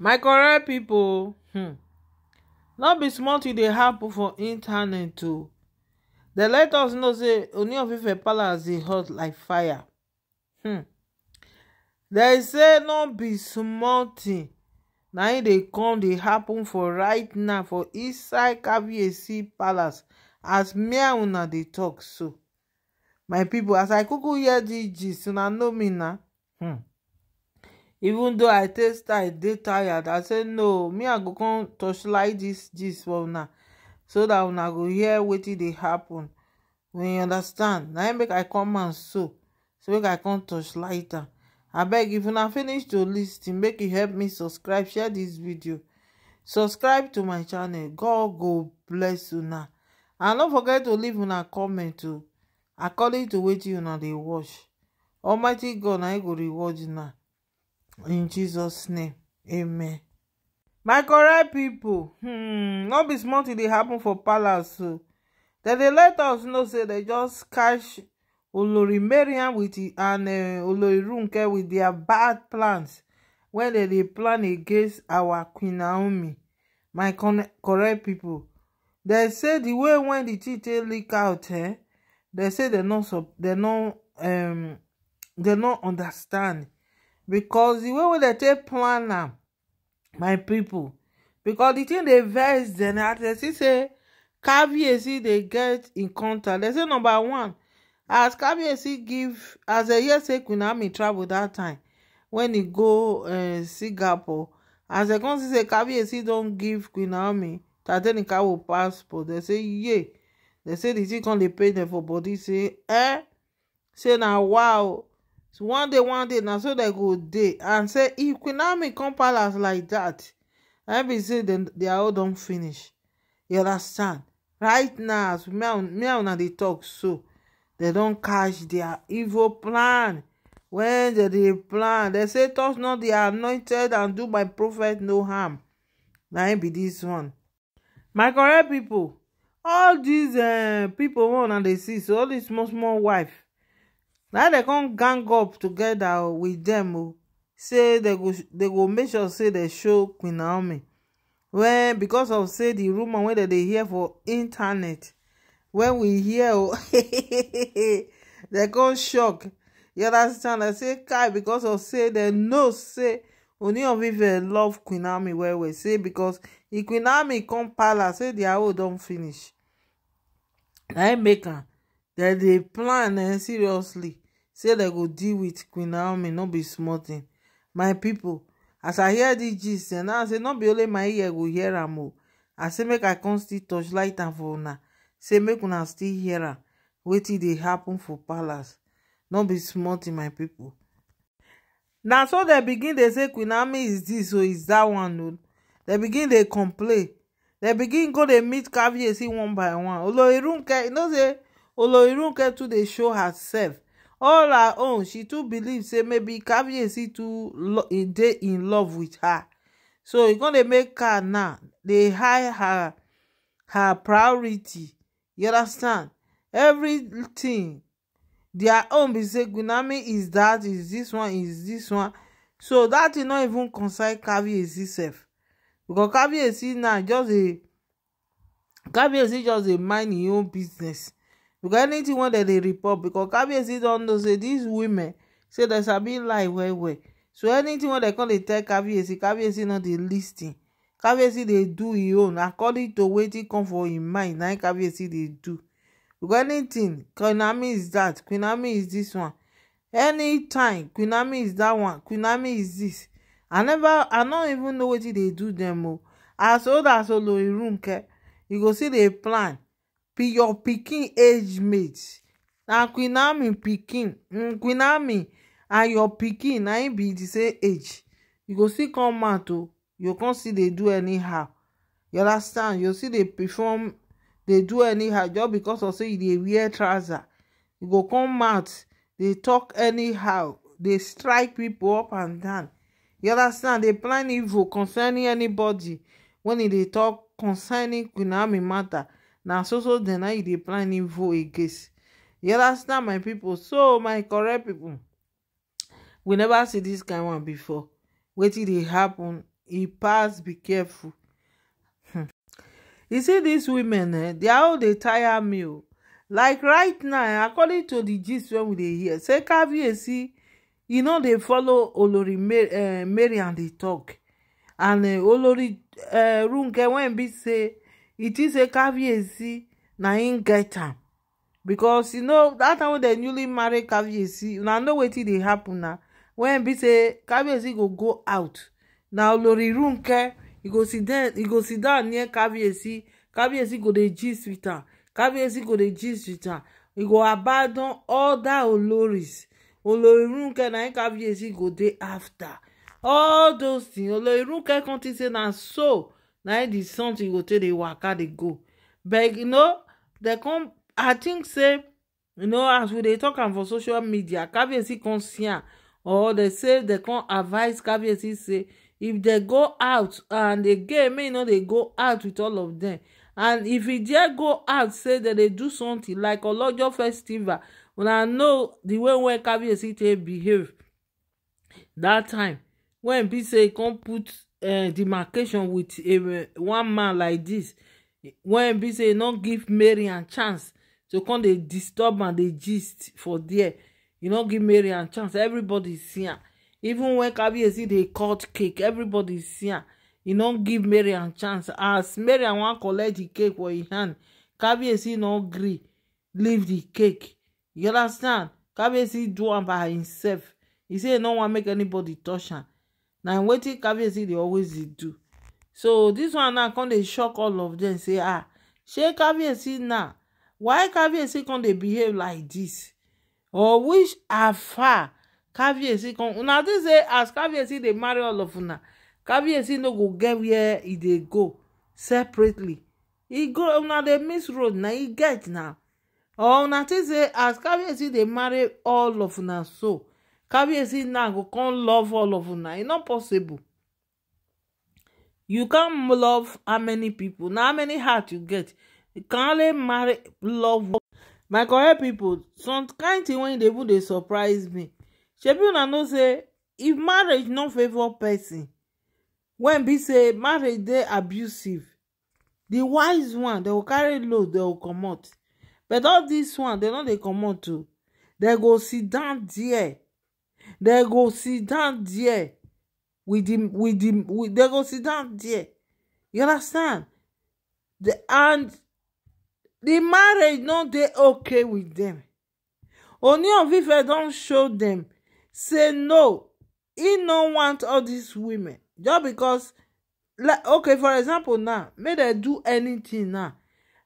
my correct people, hmm no be small tin dey happen for internet too. They let us know say oni of ife palace dey hot like fire hmm dem say no be small tin na im dey come dey happen for right now for inside kabiyesi palace as me and una dey talk so my people, as i kuku hear dis gist una know me na hmm even though i take style dey tired i say no me i go come torchlight this, gist for una so dat una go hear wetin dey happen when you understand na im make i come am so so make i come torchlight am abeg if una finish to lis ten make you e help me subscribe share this video subscribe to my channel god go bless una and no forget to leave una comment o according to wetin una dey watch almighty god na im go reward una in jesus name amen my correct people, hmm no be small tin dey happen for palace o oh. dem dey let us know say dem just catch olori mariam and eh, olori runke with their bad plans when dem dey plan against our queen naomi my correct people, dem say the way when the tin take leak out eh dem say um dem no understand because the way we dem take plan am my people. because the thing dey vex dem as dem see say caviarcy dey get in contact dem say number one as caviarcy give as dem hear say queen ami travel that time when e go eh, singapore as dem come see say caviarcy don give queen ami tadenikawo passport dem say ye. dem say the thing come dey pain dem for body say eh say na wow so one day one day now so they go day and say if queen come palace like that, i be say are all done finish you understand right now as me and they talk so, so don't catch their evil plan when they plan They say touch not di anointed and do my prophet no harm Now im be this one my correct people. all these eh, people want and they see so all dis small small wife Now they come gang up together with them. say they go they go make sure say they show queen naomi wen becos of say the rumor wey dem they hear for internet when we hear they dem come shock you understand i say kai because of say they know say only of ife love queen naomi well well say because if queen naomi come palace say dia hoe don't finish I make her. dem dey plan eh seriously say dem go deal with queen naomi no be small tin my people. as i hear dis gist and eh, now say no be only my ear go hear am o oh. i say make i come still touch light am for una say make una still hear am wetin dey happen for palace no be small tin my people. na so dem begin dey say queen naomi is dis o oh, is dat one o oh. dem begin dey complain dem begin go dey meet caviar one by one oloirunke you know say oloirunke too dey show herself all her own she too believe say maybe kabiyesi too dey in love with her so e con dey make her now dey high her her priority you understand everything their own be say Gunami is that is this one is this one so that thing no even concern Kabiyesi sef because Kabiyesi now just dey Kabiyesi just dey mind im own business because anything wey dem dey report because kabiyesi don know say these women say dem sabi lie well well so anything wey dem come dey tell kabiyesi kabiyesi no dey lis ten kabiyesi dey do im own according to wetin come for im mind na kabiyesi dey do because anything queen is that queen is this one anytime queen ami is that one queen is this i never i no even know wetin dey do dem o oh. as old as olori runke you go see dey plan your pikin age mate na queen naomi pikin mm, queen naomi and your pikin na im be the same age you go still come out o oh. you come still dey do anyhow you understand you still dey perform dey do anyhow just because of say you dey wear trouser you go come out dey talk anyhow dey strike people up and down you understand dey plan evil concerning anybody when e dey talk concerning queen naomi matter na so so den na you dey plan him vote against you understand my people, so my correct people. we never see this kind one before wetin dey happen e pass be careful hmm. you see these women eh dia all dey tire me o oh. like right now eh, according to the gist wey we dey hear say caviarcy e no dey follow olori eh, mary and dey talk, and eh, olori runke wen be say e think say caviarcy na him get am because you know dat time wey dem newly marry caviarcy una know wetin dey happen na wen be say caviarcy go go out na olorirunke e go sit down near caviarcy caviarcy go dey gist with am caviarcy go dey gist with am e go abandon oda oloris olorirunke na him caviarcy go dey after all those things olorirunke come think say na so na the something go take dey waka dey go but you know dem come i think say you know as we dey talk am for social media kabiyesi come see am or dem say dem come advise kabiyesi say if dem go out and again make you no dey go out with all of dem and if e dare go out say dem dey do something like olojo festival una know the way wey kabiyesi take behave that time when be say e come put uh, demarcation with a, one man like this, when be say e no give marian chance to come dey disturb am dey gist for there you e no give marian chance everybody see am even wen kabiyesi dey cut cake everybody see am e no give marian chance as marian wan collect the cake for im e hand kabiyesi no gree leave the cake you understand kabiyesi do am by himself He say he no wan make anybody touch am na wetin kabiyesi dey always dey do so this one now come dey shock all of them say ah shey kabiyesi now why kabiyesi come dey behave like this? or which afar kabiyesi come una think say as kabiyesi dey marry all of una kabiyesi no go get where e dey go separately e go una dey miss road na e get na or una think say as kabiyesi dey marry all of una so Kabiyesi now go come love all of una. It's e not possible. You can't love how many people, now how many heart you get. You can only marry love. My correct people, some kind thing when they would, they surprise me. Shebi una know say if marriage no favour person, when be say marriage they abusive, the wise one they will carry load, they go comot. But all this one, they no dey comot too. They go sit down there. They go sit down there with him, with him, with, they go sit down there. You understand? The, and the marriage not they okay with them. Only if I don't show them. Say no. He don't want all these women. Just because like okay, for example now, may they do anything now.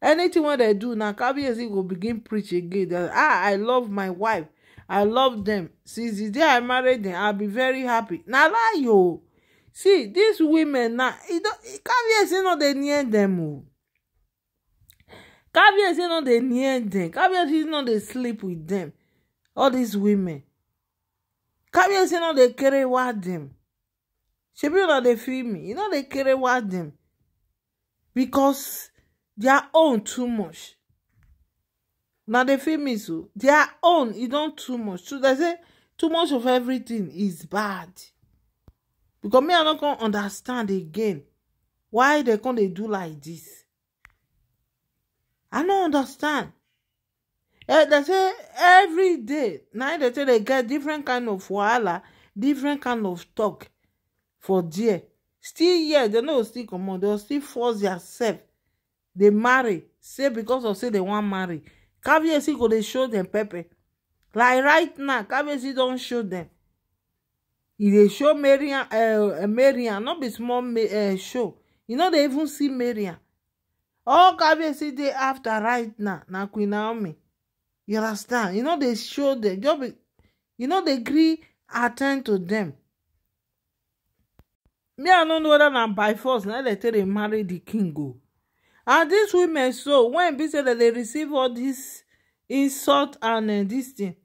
Anything what they do now, Kabiyesi will begin preach again ah, I love my wife. i love them since the day i married them. I'll be very happy Now lie o see these women now? It na e, e caviar say no dey near dem o caviar say not dey near dem caviar say not dey sleep with them? all these women caviar say no dey carry them? She be not dey feel me You e know they carry wa them because dia own too much na dey feel me so their own You don't too much so they say too much of everything is bad because me i no come understand again why they can't they do like this. i no understand eh, They say every day now they say they get different kind of wahala different kind of talk for there still here they no still come on. dem still force diasef They marry say because of say they want marry Kabiyesi go dey show dem pepper like right now Kabiyesi don show dem e dey show Mariam uh, eh, Mariam no be small uh, show you no dey even see Mariam all Kabiyesi dey after right now na Queen Naomi you understand you no dey show dem just be you no dey gree attend to dem me i no know whether na by force na dey take dey marry the king o oh and dis women so wen be say dem dey receive all dis insult and uh, dis thing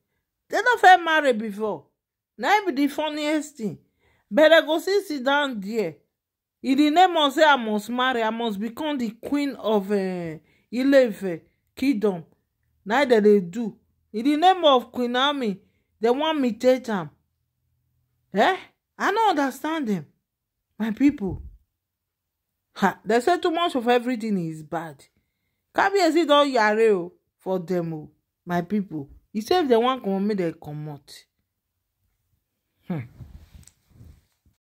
dem no fit marry before na be di funniest thing but dem go still sit down there in di name of say i must marry i must become di queen of uh, ileife kingdom na dem dey do in di name of queen naomi dem wan mutate am eh i no understand dem my people ha dem say too much of everything is bad Can't be kabiyesi don yare o for them, my people. e say if dem wan comot they come out. Hmm.